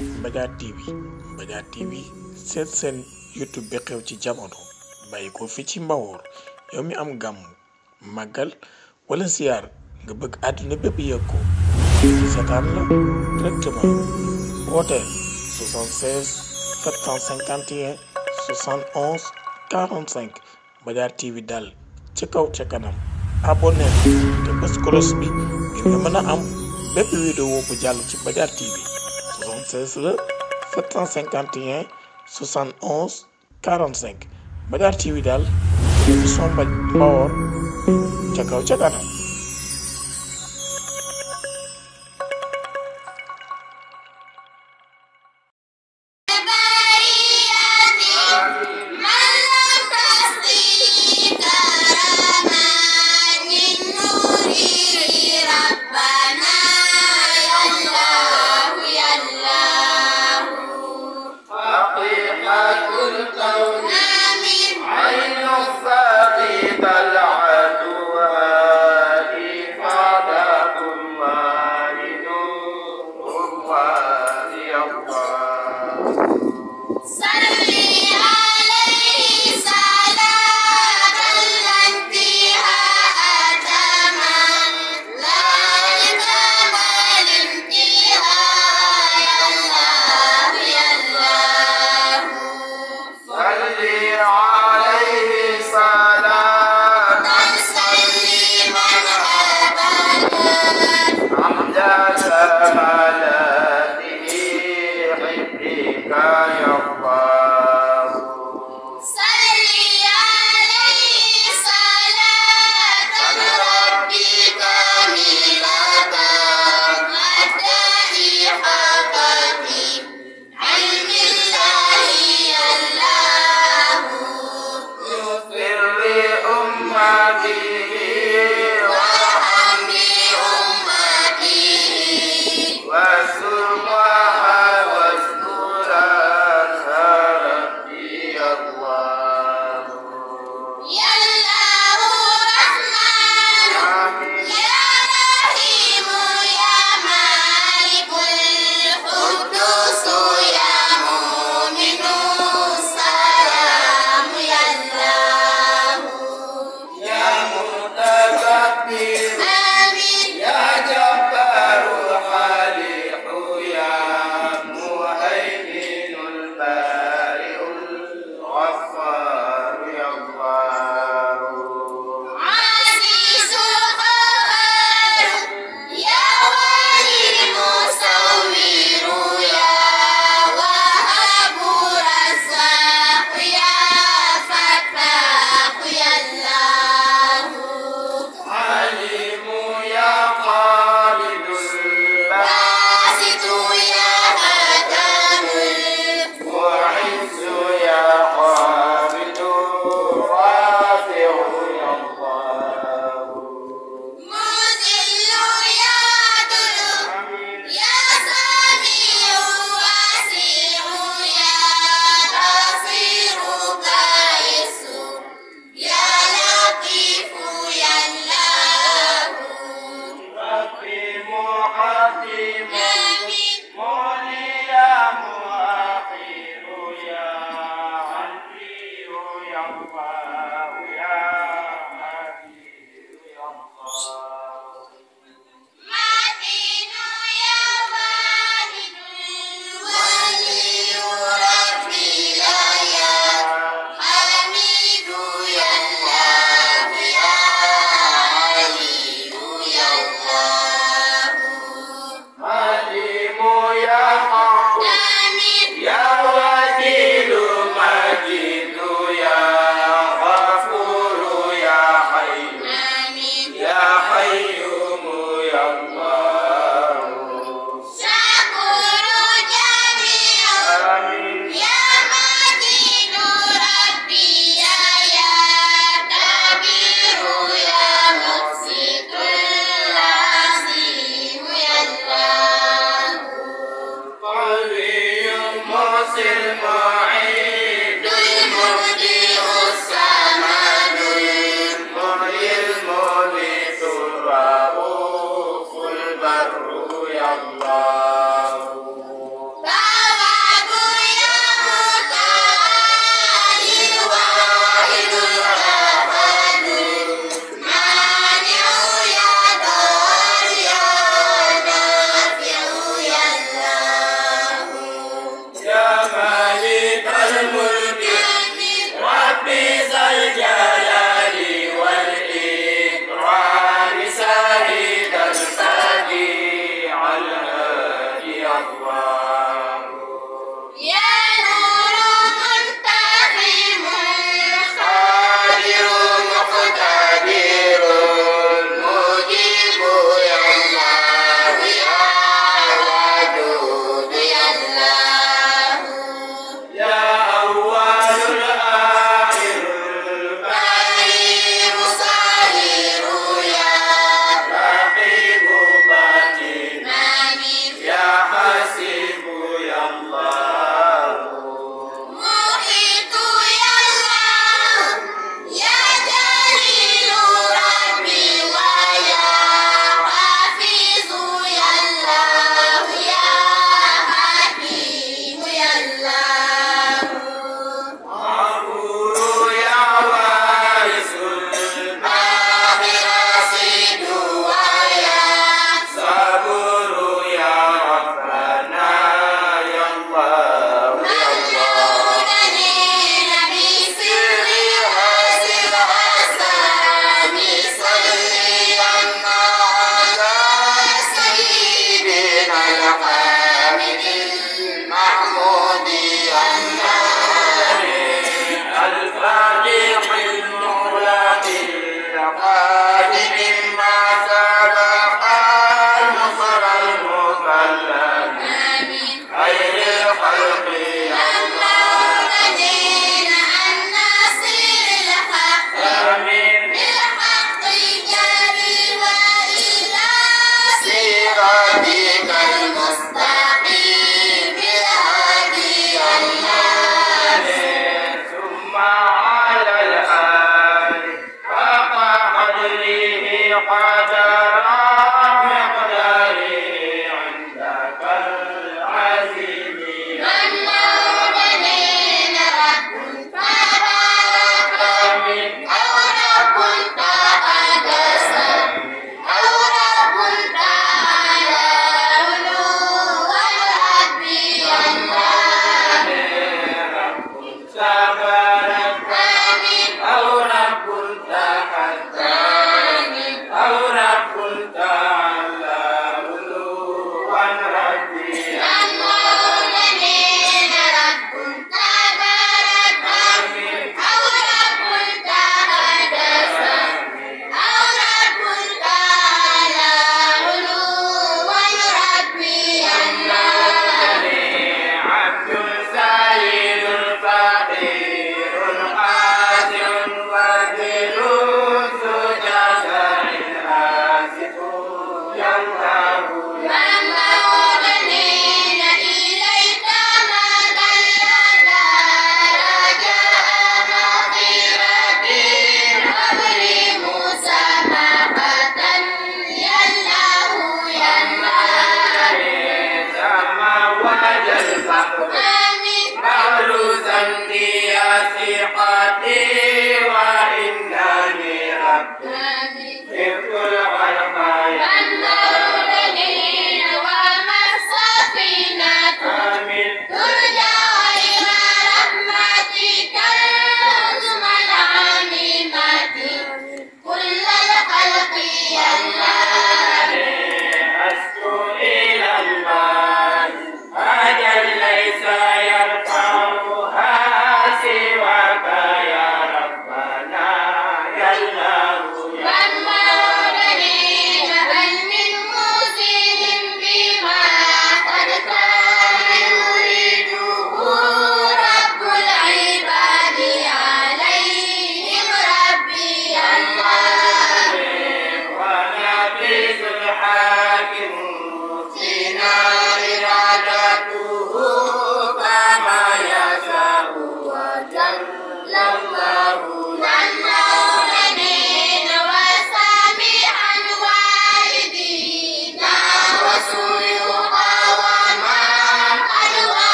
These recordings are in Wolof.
Mbadiar TV Mbadiar TV seet seen YouTube bi xew ci jamono bàyyi ko fi ci mbawoor yow mi am gàmm màggal wala ziar nga bëgg àdduna bépp yëg ko seetaan la directement woote 76 dal ci kaw ca kanam abonné te bés bi ngir mën a am bépp vidéo bu jàll ci Mbadiar 76 la 751 71 45 Médar daal émission Mbaj Bawor ca kaw ca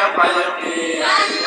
a Pai,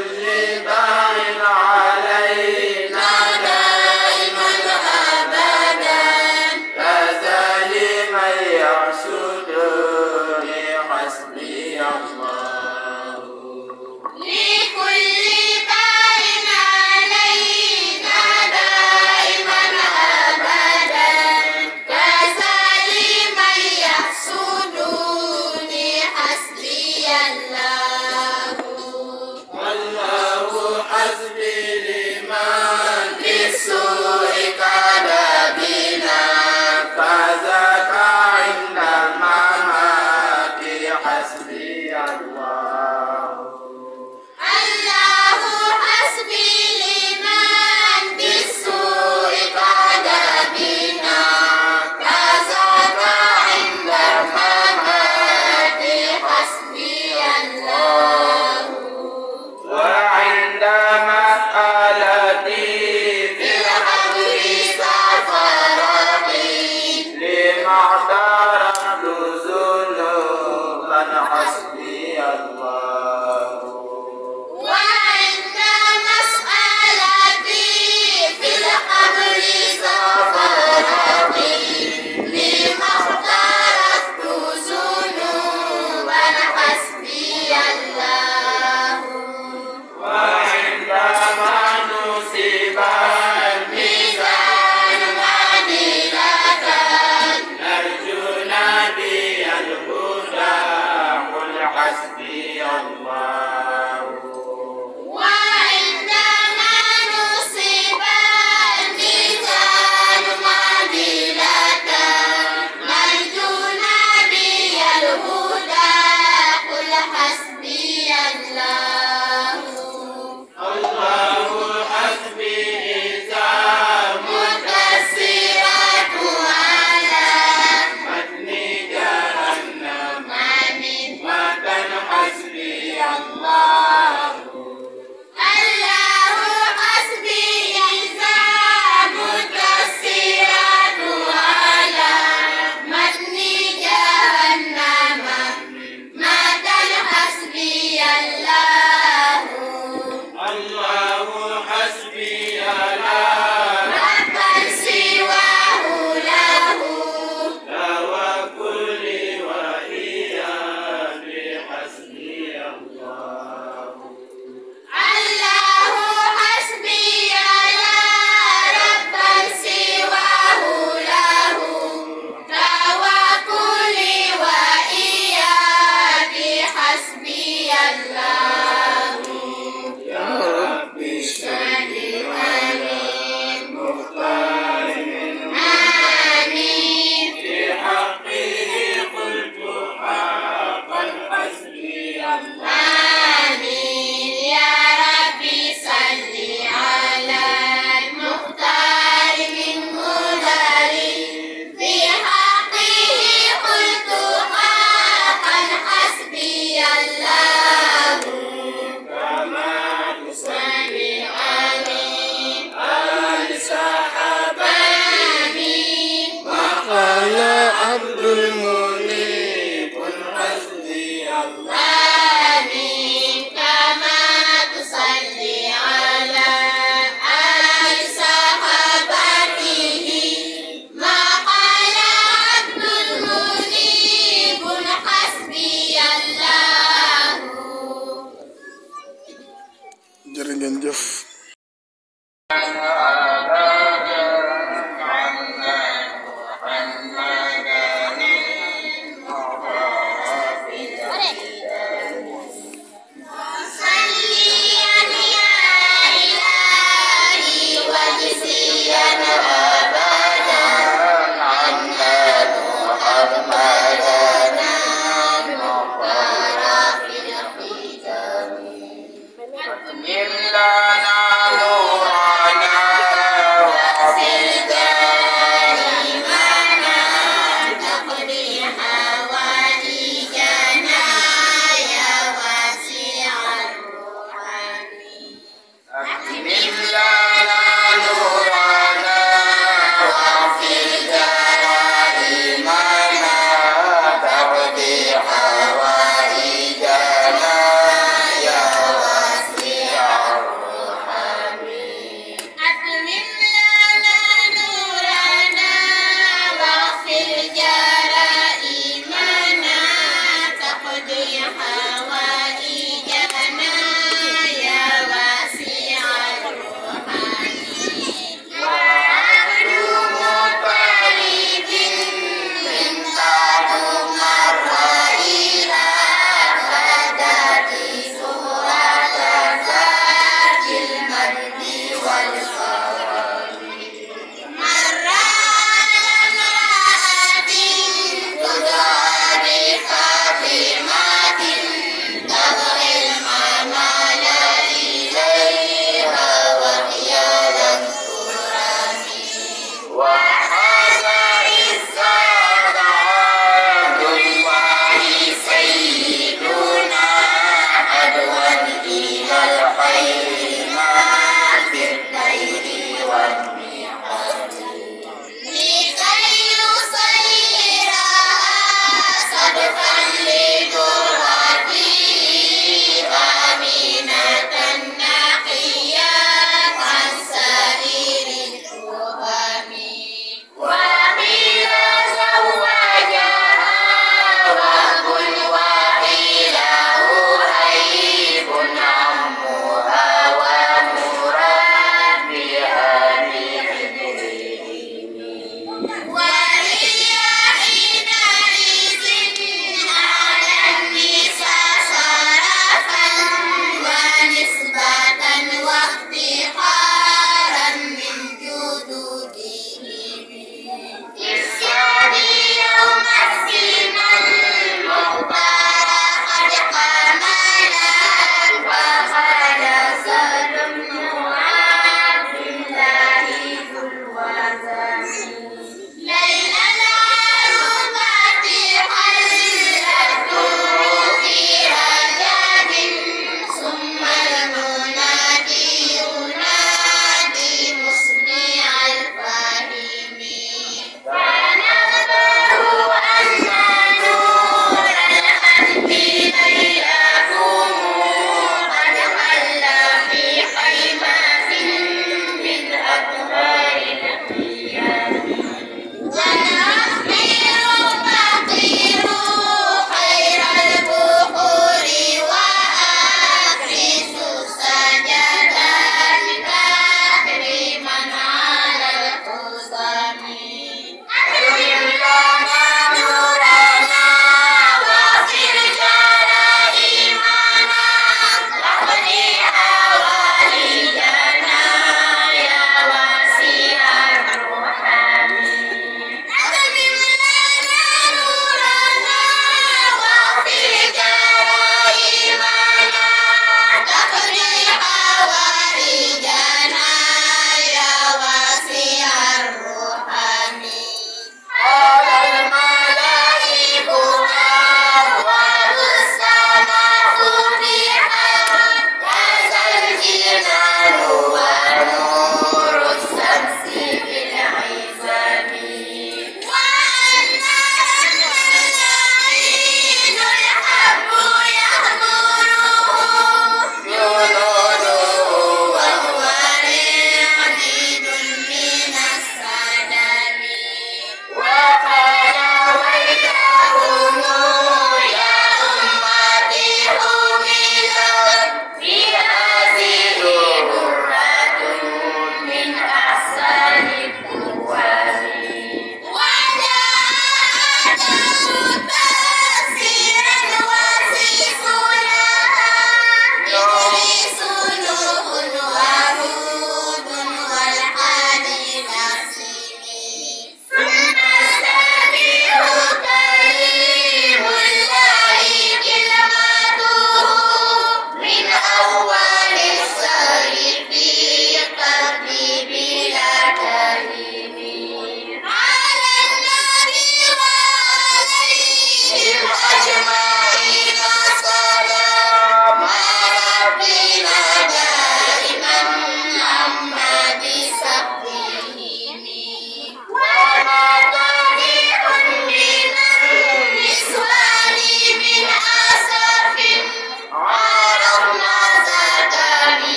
Olé. been just.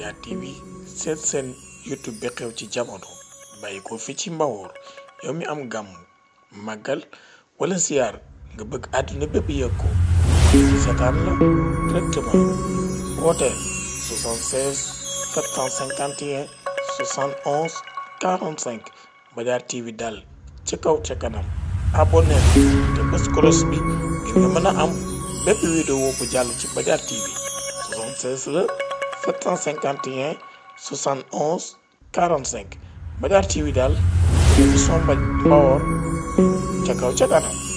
Sénégal TV seet seen YouTube bi xew ci jamono bàyyi ko fi ci mbawoor yow mi am gàmm màggal wala siyaar nga bëgg àdduna bépp yëg ko seetaan la directement woote 76 751 dal ci kaw ca kanam abonné te bés kolos bi nga mën a am bépp vidéo bu jàll ci Mbadiar 751 71 daal émission Mbaj Mbawoor ca kaw ca